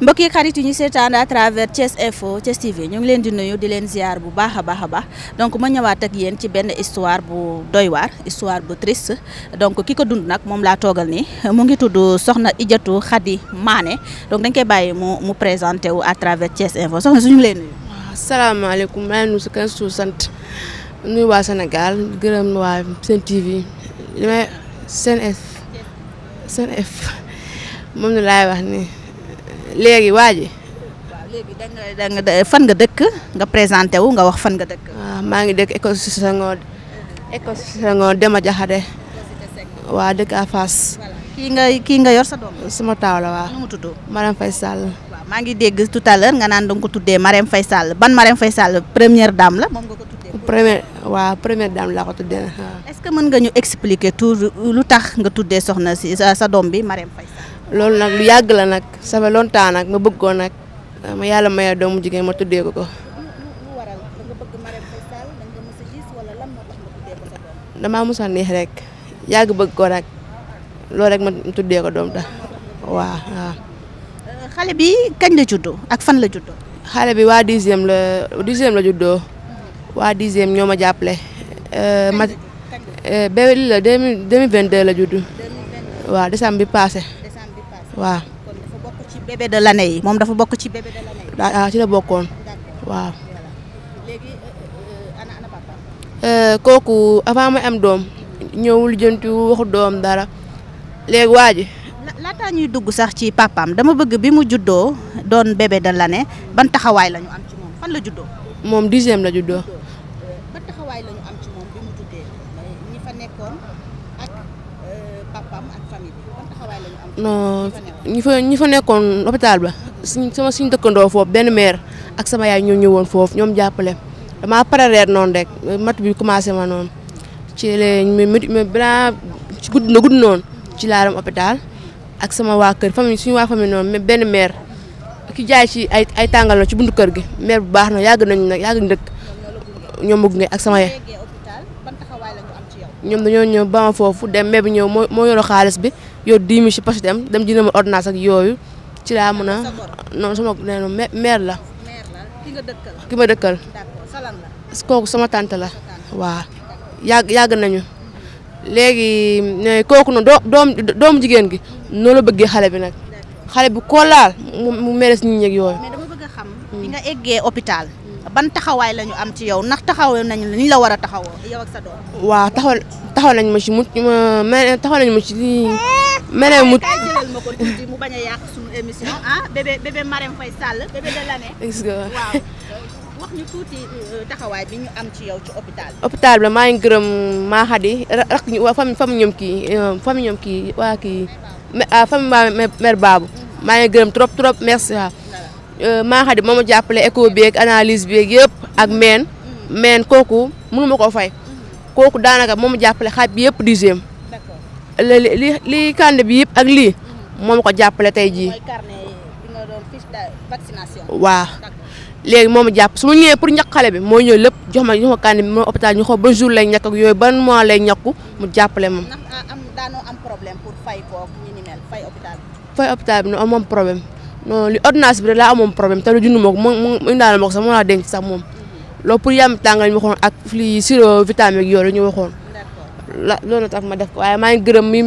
mbokki yi yi ñu seetaan à travers Thiès Info Thiès TV ñu ngi leen di nuyu di leen ziar bu baax a baax a baax donc ma ñëwaat ak yéen ci benn histoire bu doy waar histoire bu triste donc ki ko dund nag moom laa toogal nii mu ngi tudd soxna Ijatou Khady Mané donc dañ koy bàyyi mu mu présenté wu à travers Thiès Info soxna suñu leen nuyu. waaw salaamaaleykum maa ngi su si kër suuf sant nuyu waa Sénégal gërëm waa seen TV li may Senf Senf moom la laay wax nii. léegi waa ji. waaw léegi da fan nga dëkk nga présenté wu nga wax fan nga dëkk. Ah, maa ngi dëkk école si Senghor école si Senghor Demba Diakhaté waa dëkk à Fass. kii nga kii nga yor sa doom. sama taaw la waaw nu mu tudd. Marème Faye Sall. waaw maa ngi dégg tout à l'heure nga naan da tuddee Marème Faye Sall ban Marème Faye Sall première daam la moom nga ko tuddee. première daam laa ko tuddee est-ce que mën nga ñu expliquer tout lu tax nga tuddee soxna si sa doom bi Marème fay Sall. loolu nag lu yàgg la nag ça fait longtemps nag ma bëggoon nag ah, ma yàlla maya doomu jigéen ma tuddee ko ko. dama mos a neex rek yàgg bëgg ko rek loolu rek ma tuddee ko doom da waaw waaw. xale bi kañ la juddoo ak fan la juddoo. xale bi waa dixième la dixième la juddoo waa dixième ñoo ma jàppale. Euh, ma ba euh, la deux mille vingt de la juddu waaw décembre bi passé. waaw. kon dafa bokk ci bébé de l'année yi moom dafa bokk ci bébé de l'année yi. ah, ah ci la bokkoon. waaw. léegi euh, euh, ana ana papa. Euh, kooku avant ma am doom. ñëwul jëntu waxu doom dara. léegi waa ji. laataa dugg sax ci papaam dama bëgg bi mu juddoo doon bébé de ban taxawaay la am ci moom fan la juddoo. moom dixième la juddoo. ban taxawaay ñi fa ñi fa nekkoon hôpital ba suñ sama suñ dëkkandoo foofu benn maire ak sama yaay ñoo ñëwoon foofu ñoom jàppale damaa pare reer noonu rek mat bi commencé ma noonu ci la gudd na ci laaram hôpital ak sama waa kër famille suñu waa famille noonu benn maire ki jaay ci ay ay tàngal na ci buntu kër gi maire bu baax na yàgg nañu nag yàgg nañu dëkk ñoom bëgg nga ak sama yaay ñoom dañoo ñëw ba ma foofu dem maire bi ñëw moo moo xaalis bi. yow 10 000 si poche dem dem jënd ma ordonnance ak yooyu ci laa mën a non sama nee na la ki ma dëkkal kooku sama tante la waaw yàgg yàgg nañu léegi ne kooku noonu doom doomu jigéen gi noonu la bëggee xale bi nag xale bi koo laal mu meres nit ñi ak yooyu mais dama bëgg xam bi hmm. nga eggee hôpital ban taxawaay la ñu am ci yow ndax taxawal nañ la ñu la war a taxawoo yow ak sa doom. waaw taxaw taxaw nañ ma ci mu taxaw nañ ma ci lii. mu kay émission ah bébé bébé Marème Faye euh, taxawaay bi am ci yow maa ngi gërëm maa xadi rak ñu waa fam fam ñoom kii euh, fam ñoom kii waa kii. ah fam mère Babou. maa ngi gërëm trop trop merci waaw. Euh, maa xadi moo ma jàppale écho beeg analise bi yëpp ak meen meen kooku mënu ma koo fay kooku daanaka moo mu jàppale xaat bi yëpp dixième li li kaandi bi yëpp ak lii moom ko jàppale tey jii waaw léegi moom jàpp su ma ñëwee pour ñàkk xale bi moo ñëw lépp jox ma jox ma bi ma hôpital ñu xool ban jour lay ñàkk ak yooyu ban mois lay ñàkku mu jàppale moom. ndax ah, am daanoo pour fay ko ñu ni mel fay hôpital bi. fay moom problème. non li ordonnance bi rek laa amoon problème te lu junne moo ko mu mu indaale moo ko sax mu laa denc sax moom loolu pour yàmm tàngal ñu waxoon ak li sirop vitamine ak yooyu ñu waxoon. la loolu na tax ma def ko waaye maa ngi gërëm mi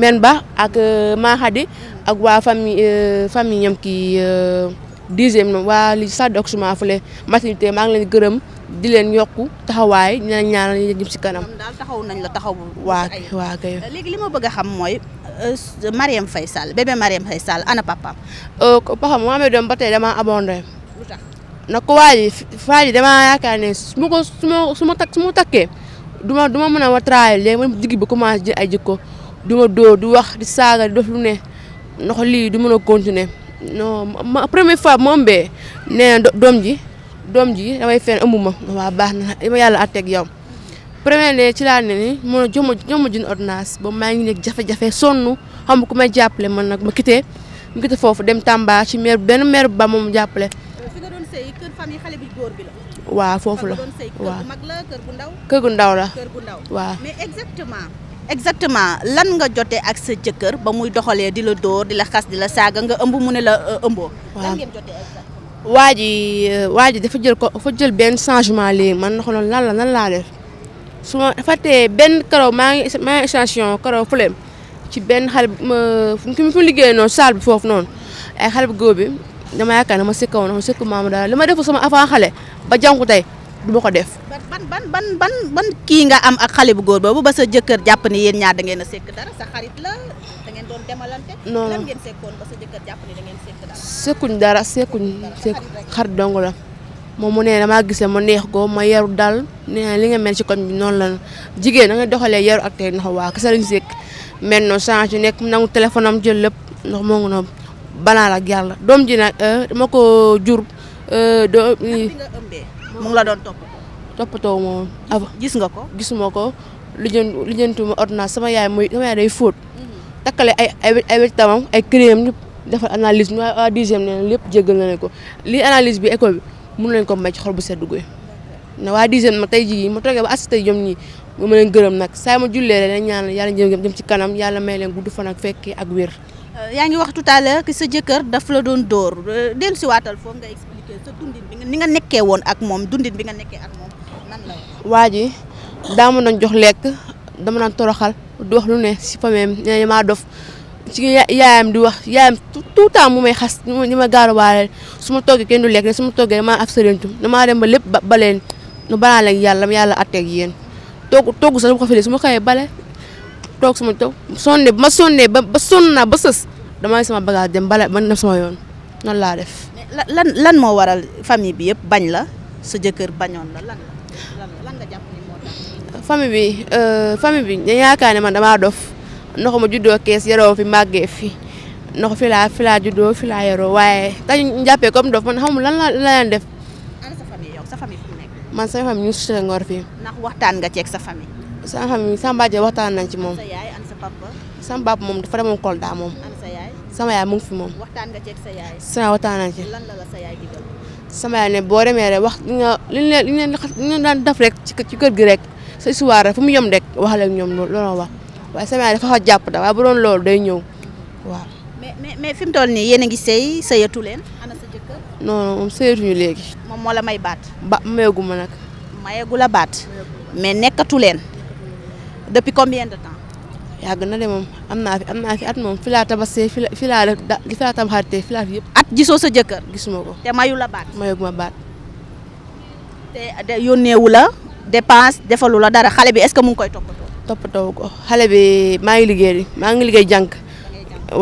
men ba ak euh, maa xadi ak waa famille euh, famille ñam kii. Euh, dixième waa li salle d'accouchement fële maternité maa ngi leen gërëm di leen yokku taxawaay ñu ñaan ñaanal ñu jëm si kanam. daal taxaw nañ la taxaw. waa waa kay euh, li ma bëgg a xam mooy euh, Marième fay Sall bébé Marième Faye Sall ana papaam. Euh, papaam moo amee doom ba tey damaa abondé. lu tax nag waa ji faa damaa yaakaar ne su ma ko su ma su ma takk su ma takkee du ma du ma mën a wa travail léegi man digg ba commencé ay jikko du ma dóor du wax di saaga di def ne ndox lii du mën a continuer. non ma première fois moom bee nee doom ji doom ji damay fen ëmbuma waaw baax na dama yàlla àtteeg yow premier ne ci laa ne ni mun a jox ma jox ma ba maa ngi nekk jafe-jafe sonn xam ku may jàppale man nag ma quitté ma quitté foofu dem Tamba ci maire benn bu ba moom jàppale. fi nga doon bi góor la. waaw foofu la waaw ndaw. la exactement lan nga jotee ak sa jëkkër ba muy doxalee di la dóor di la xas di la saaga nga ëmb mu ne la euh, ëmboo. waa waa ji euh, waa ji dafa jël ko dafa jël benn changement lii man naka noonu lan la nan laa def su ma fàttee benn karaw maa ngi maa ngi station karaw fële ci benn xale bu ma fu mu liggéeyee noonu saal bi foofu noonu ay xale bu góob bi dama yaakaar ne ma sëkkawoon na ma maamu daal li ma def sama avant xale ba jànku tey. du ma ko def. ban ban ban ban ban kii nga am ak xale bu góor boobu ba sa jëkkër jàpp ni yéen ñaar da ngeen sekk dara sa xarit la da ngeen doon demalante. non lan dara. sekkuñ dara sekkuñ sekk xarit dong la moom mu ne damaa gisee ma neex ko ma yaru dal ne li nga mel ci koñ bi noonu la jigéen da nga doxalee yaru ak tey ndax waa kese lañ sekk mel noonu change nekk nangu téléphone am jël lépp ndax moo ngi noonu banaan ak yàlla doom ji nag euh, dama ko jur. Euh, mu ngi la doon toppatoo. toppatoo moom avant gis nga ko. gisuma ko lijjantu lijjantuma ordonnance sama yaay muy sama yaay day fóot. takkale ay ay ay wet tamam ay crème defal analyse ñu waa dixième nee lépp jéggal na leen ko lii analyse bi école mun nañ ko may xol bu sedd guy. na waa dixième ma tey jii ma toogee ba assisté ñoom ñi ma leen gërëm nag saa ma jullee rek dañ ñaan yàlla jëm jëm ci kanam yàlla may leen gudd fan ak fekkee ak wér. yaa ngi wax tout à l'heure sa jëkkër daf la doon dóor dellusiwaatal foofu nga expliqué nekkee sa dundin bi nga nekkee woon ak moom dundin bi nga nekke ak moom nan la. waa ji daa ma jox lekk dama doon toroxal di wax lu ne si famille nee maa dof ci yaayam di wax yaayam tout temps mu may xas ñu ma gaaruwaale su ma toggee kenn lekk su ma toggee damaa af sëriñtu damaa dem ba lépp ba baleen nu balaa leen yàlla yàlla atteeg yéen togg togg sax bu ko fi su ma xëyee bale toog su ma toog sonne ba ma sonnee ba ba sonn naa ba sës damay sama bagage dem bale man def sama yoon noonu laa def lan lan moo waral famille bi yëpp bañ la sa jëkkër bañoon la lan la lan nga jàpp famille bi euh, famille bi dañu yaakaar ne man damaa dof ndox ma juddoo kees yaroo fi màggee fi ndox fi laa filaa laa juddoo fi yaroo waaye dañu ñu comme dof man xamul lan la def. ana sa famille man sa famille ñu ngi si ngor fii. ndax waxtaan nga ceeg sa famille. sa famille sama waxtaan nañ ci moom. sa yaay ak sa papa. sama papa moom dafa demoon Kolda moom. sama yaay mu fi moom. waxtaan nga ceeg sa yaay. sama waxtaan lan la sa yaay digal. sama yaay ne boo remee rek wax nga li ñu leen li ñu daan def rek ci ci kër gi rek sa histoire rek fu mu yem rek wax la ñoom ñoom looloo wax waaye sama yaay dafa a jàpp da waaye bu doon loolu day ñëw waaw. mais mais mais fi mu toll nii yéen a ngi sëy sëyatu leen ana moom sëyatuñu léegi. moom moo la may baat. ba mayeegu ma nag. mayeegu la baat. mais nekkatu leen. depuis combien de temps. yàgg na de moom am naa fi am naa at moom fi laa tabasee fi la fi laa def da yëpp. at gisoo sa jëkkër. gisuma ko te mayu a baat. mayu ma baat. te yónneewu la depanse defalu la dara xale bi est-ce que mu ngi koy toppatoo. toppatoo ko xale bi maa ngi liggéey maa ngi liggéey jànk.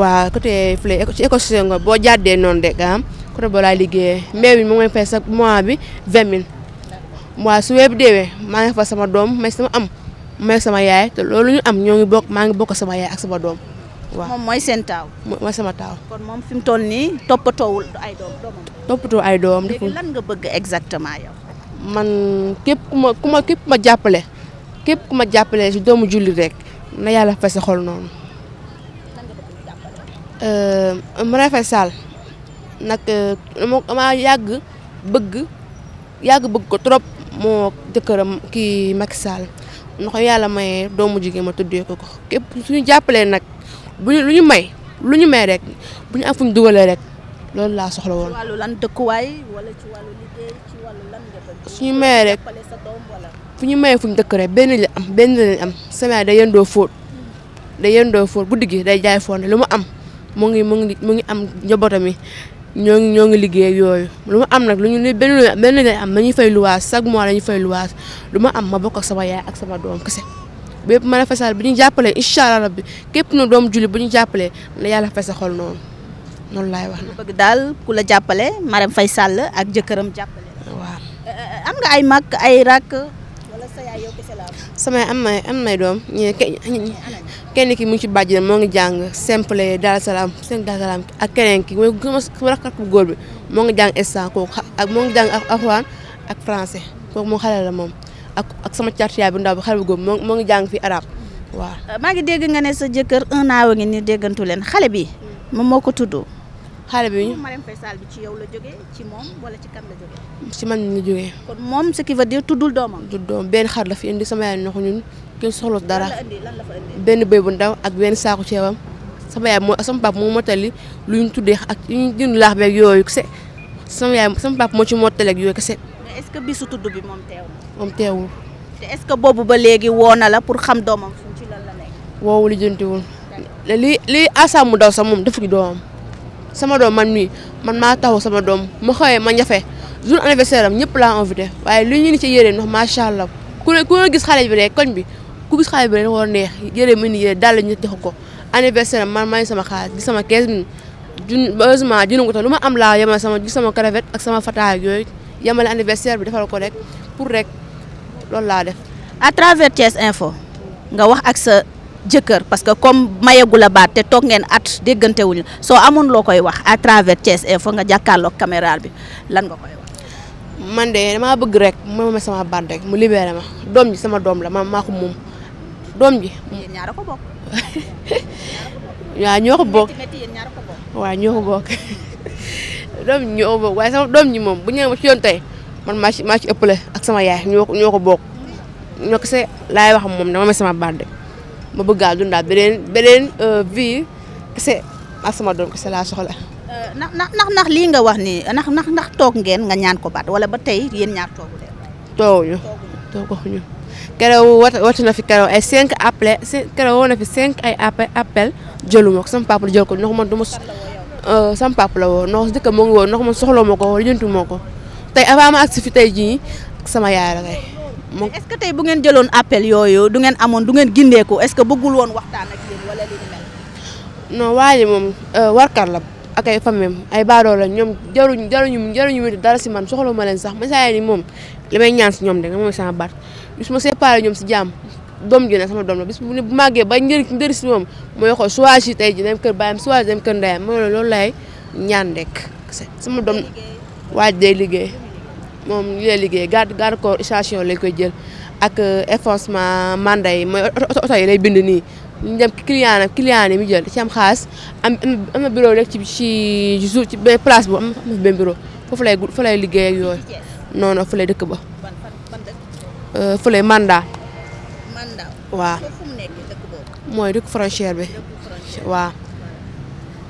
waa côté fële ci écosystème nga boo jàddee noon de nga am côté boo laay liggéeyee mbéy mi mu fay sax mois bi vingt mille. waaw su weer bi deewee maa ngi fa sama doom may sama am. may sama yaay te loolu ñu am ñoo ngi bokk maa ngi bokk sama yaay ak sama doom. waaw moom mooy seen taaw. mooy sama taaw. kon moom fi mu toll nii toppatoowul ay ay doom. lan nga bëgg exactement yow. man képp ku ma ku ma képp ma jàppale képp ku ma jàppale si doomu julli rekk na yàlla fay sa xol noonu. Euh, Marème Faye Sall nag euh, dama yàgg bëgg yàgg bëgg ko trop moo jëkkëram kii Macky Sall. na ko yàlla mayee doomu jigéen ma tuddee ko ko képp suñu jàppalee nag bu lu ñu may lu ñu may rek bu ñu am fu ñu dugalee rek loolu laa soxla woon. wàllu lan dëkkuwaay suñu mayee rek fu ñu mayee fu ñu dëkk rek benn li am benn lañ am sama day yëndoo fóot day yëndoo fóot bu diggi day jaay fonde lu mu am mu ngi mu ngi am njabootam yi ñoo ngi ñoo ngi liggéey yooyu lu ma am nag lu ñu ne benn benn ngay am ñu fay luwaas chaque mois ñu fay luwaas lu ma am ma bokk sama yaay ak sama doom kese bépp mën a fesal bi ñu jàppalee incha allah rabbi képp na doom julli bu ñu jàppalee na yàlla fesa xol noonu noonu laay wax na bëgg daal ku la jàppale Marème Faye Sall ak jëkkëram jàppale waaw am ay rakk samay am may am may doom ñu kenn ki mu ngi ci bàjjale moo ngi jàng simple daal salaam seen daal ak keneen ki mooy rakkat bu góor bi moo ngi jàng instant kooku ak moo ngi jàng ak alxuraan ak français kooku moom xale la moom ak ak sama cartier bi ndaw bi xale bu góor moo moo ngi jàng fii arab waaw. maa ngi dégg nga ne sa jëkkër un an wa ngi ni déggantu leen xale bi moom moo ko tudd. xaale bi ñu. Marème Faye ci yow la jógee ci moom wala ci kan la jógee. ci man la jógee. kon moom ce qui veut dire tuddul doomam. tudd doom benn xar la fi indi sama yaay ndox ñun kenn soxla dara. benn béy bu ndaw ak benn saaku ceebam. sama yaay moo sama papa moo motali lu ñu tuddee ak yu ñu jënd laax beeg yooyu kese sama yaay sama papa moo ci motali ak yooyu kese. mais est-ce bisu tudd bi moom teewul. moom te est-ce que boobu ba léegi woo na la pour xam doomam fu ci lan li li asaamu daw sax moom dafa ci doomam. sama doom man mii man maa taxaw sama doom ma xëyee ma ñafe jour anniversaire am ñëpp laa invité waaye li ñu ni ci yére ndox macha allah ku ne ku gis bi rek koñ bi ku gis xale bi rek war neex yére mu ko anniversaire am man may sama xaalis gis sama 15000 jun heureusement jënd ko te ma am laa yemal sama gis sama cravate ak sama fataay yooyu yemale anniversaire bi defal ko rek pour rek loolu laa def. à travers Thiès Info nga wax ak sa. jëkkër parce que comme mayeegu a baat te toog ngeen at déggantewuñu soo amoon loo koy wax à travers Thiès Info nga jàkkaarloog caméra bi lan nga koy wax. man de damaa bëgg rek mu ma sama mu libéré ma doom ji sama doom la ma moom doom ji. yéen ñaar a ko waaye doom ji moom bu ñëwee ci yoon tey man maa ci maa ci ak sama yaay ñoo ko ñoo ko bokk ñoo ko wax moom dama ma sama baat de. ma bëggaal dundaat beneen beneen euh, vie kese ak sama doom kese laa soxla. Euh, ndax nax lii nga wax nii nax ndax ndax toog ngeen nga ñaan ko baat wala ba tey yéen ñaar toog leen. tooguñu tooguñu keroog wat watu na fi keroog ay cinq appels cinq keroog woo na fi cinq ay appel jëluma ko sama papa jël ko ndax man du ma. Euh, sama papa la woo ndox dëkk moo ngi woo ndox man soxla ma ko lijjanti ma ko tey avant ma jii sama yaay la mu est tey bu ngeen jëloon appel yooyu du ngeen amoon du ngeen gindeeku est-ce que bëggul woon waxtaan ak yéen wala li ni moom euh, warkar la ak ay ay baadoo la ñoom jaruñu jaruñu jaruñu wétu dara si man soxla ma leen sax message ni moom li ñaan si ñoom de moom sama baat bis ma séparé ñoom si jàmm doom ji ne sama doom la bis bu ne bu màggee ba njëriñ njëriñ si moom mooy xool choisir tey ji dem kër baayam choisir dem kër ndeyam mooy loolu laay ñaan rek sama doom waaj day liggéey moom li liggéey garde garde corps station lañ koy jël ak enfoncement euh, mandat yi mooy oto yi lay bind nii ñu dem client nag yi mu jël ci am xaas am am na place bu am am benn bureau foofu lay fa lay liggéey ak yooyu non non dëkk ba euh, fu lay mandat mooy dëkk frontière bi waaw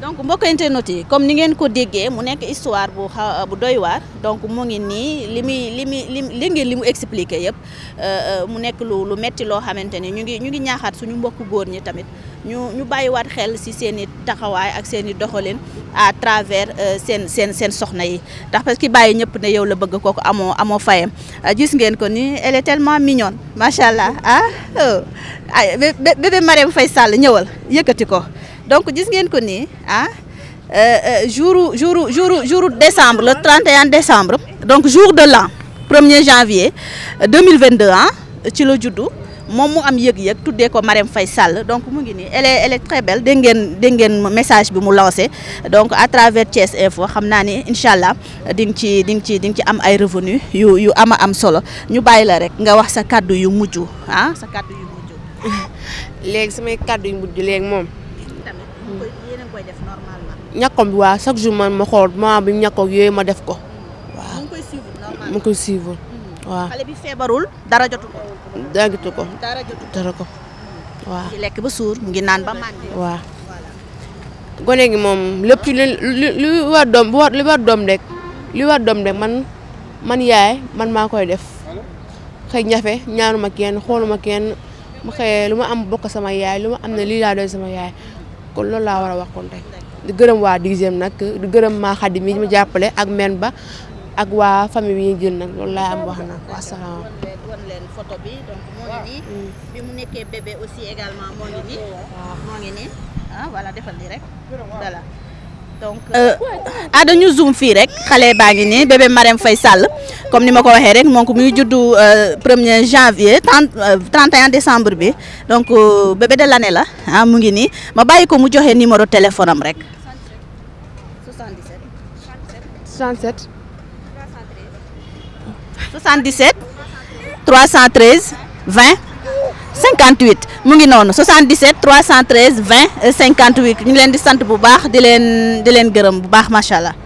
donc mbokk internet yi comme ni ngeen ko déggee mu nekk histoire bu xaw bu doy waar donc moo ngi nii li muy li muy li li mu expliqué yëpp euh, euh, mu nekk lu lu metti loo xamante ni ñu ngi ñu ngi ñaaxaat suñu mbokk góor ñi tamit ñu ñu bàyyi bàyyiwaat xel ci seen i taxawaay ak seen i doxalin à travers euh, seen seen seen soxna yi ndax parce que bàyyi ñëpp ne yow la bëgg kooku amoo amoo fayam gis ngeen ko ni elle est tellement mignonne macha allah ah oh. bébé Marème fay Sall ñëwal yëkkati ko. donc gis ngeen ko nii ah euh, euh, jour jour jour jour décembre la le 31 décembre. donc jour de l'an 1er janvier 2022 euh, ah ci la juddu moom mu am yëg-yëg tuddee ko Marème fay Sall donc mu ngi nii elle est elle est belle dégg ngeen message bi mu lancé donc à travers Thiès Info xam naa ni incha allah di nga ci di nga ci di nga ci am ay revenu yu yu ama am solo ñu bàyyi la rek nga wax sa kàddu yu mujj ah sa kàddu yu samay kàddu yu mujj léegi moom. Mm. ñàkkoom bi waaw chaque jour man ma xool moment bi mu ñàkkoog yooyu ma def ko. waaw mm. mu ngi koy suivre normalement mu koy suivre mm. waaw. dara jotu ko. ko dara ko waaw. ci lekk ba suur mu ngi naan ba màndi. gone gi moom lépp li li war doom li doom rek li war doom rek man man yaay man maa koy def xëy ñafe ñaanuma kenn xooluma kenn ma xëyee lu ma am bokk sama yaay lu ma am ne lii laa doon sama yaay. kon loolu laa war a wax kon di gërëm waa dixième nag di gërëm maa xadi mi mu jàppale ak men ba ak waa famille yi ñu nag loolu laa am wax nag waa salaam moo ngi nii mm. bi mu nekkee bébé aussi également moo ngi nii moo ngi nii ah defal nii rek donc ah euh, dañu fii rek xale baa ngi nii bébé Marème fay sàll comme ni ma ko waxee rek moom muy juddu euh, premier janvier trente euh, trente et un décembre bi donc bébé de l'année la ah mu ngi nii ma bàyyi ko mu joxe numéro téléphone am rek. 77 77. 58 mu ngi noonu 77 313 20 58 ñu ngi leen di sant bu baax di leen di leen gërëm bu baax macha allah.